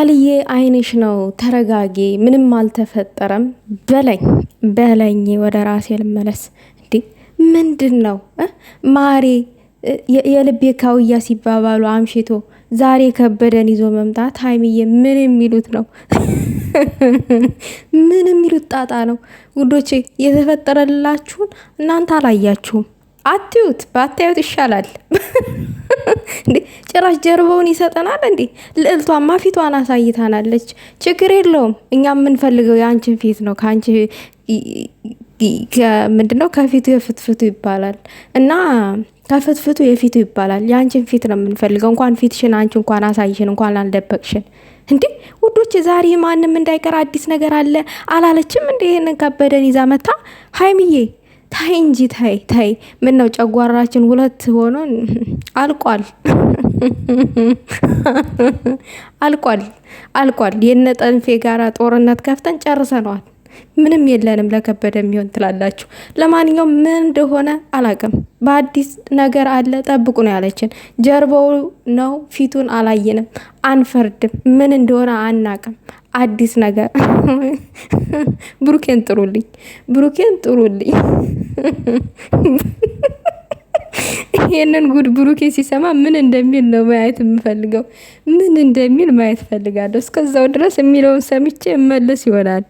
ቃልዬ አይንሽ ነው ተረጋጊ፣ ምንም አልተፈጠረም በለኝ በለኝ። ወደ ራሴ ልመለስ። እንዲ ምንድን ነው ማሬ የልቤ ካውያ ሲባባሉ አምሽቶ ዛሬ ከበደን ይዞ መምጣት ሀይሚዬ፣ ምን የሚሉት ነው? ምን የሚሉት ጣጣ ነው? ውዶቼ የተፈጠረላችሁን እናንተ አላያችሁም። አትዩት፣ ባታዩት ይሻላል። እንዴ ጭራሽ ጀርባውን ይሰጠናል እንዴ! ልዕልቷማ ፊቷን አሳይታናለች። ችግር የለውም። እኛ የምንፈልገው የአንችን ፊት ነው። ከአንቺ ምንድነው ከፊቱ የፍትፍቱ ይባላል እና ከፍትፍቱ የፊቱ ይባላል። የአንችን ፊት ነው የምንፈልገው። እንኳን ፊትሽን አንቺ እንኳን አሳይሽን እንኳን አልደበቅሽን። እንዴ ውዶች፣ ዛሬ ማንም እንዳይቀር አዲስ ነገር አለ አላለችም? እንዴ? ይህንን ከበደን ይዛ መታ ሀይምዬ? ታይ እንጂ ታይ ታይ። ምን ነው ጨጓራችን ሁለት ሆኖ አልቋል አልቋል አልቋል። የነጠንፌ ጋራ ጦርነት ከፍተን ጨርሰነዋል። ምንም የለንም ለከበደ የሚሆን ትላላችሁ። ለማንኛውም ምን እንደሆነ አላቅም። በአዲስ ነገር አለ ጠብቁ ነው ያለችን። ጀርባው ነው ፊቱን አላየንም። አንፈርድም። ምን እንደሆነ አናቅም። አዲስ ነገር ብሩኬን ጥሩልኝ፣ ብሩኬን ጥሩልኝ። ይሄንን ጉድ ብሩኬ ሲሰማ ምን እንደሚል ነው ማየት የምፈልገው። ምን እንደሚል ማየት ፈልጋለሁ። እስከዛው ድረስ የሚለውን ሰምቼ እመለስ ይሆናል።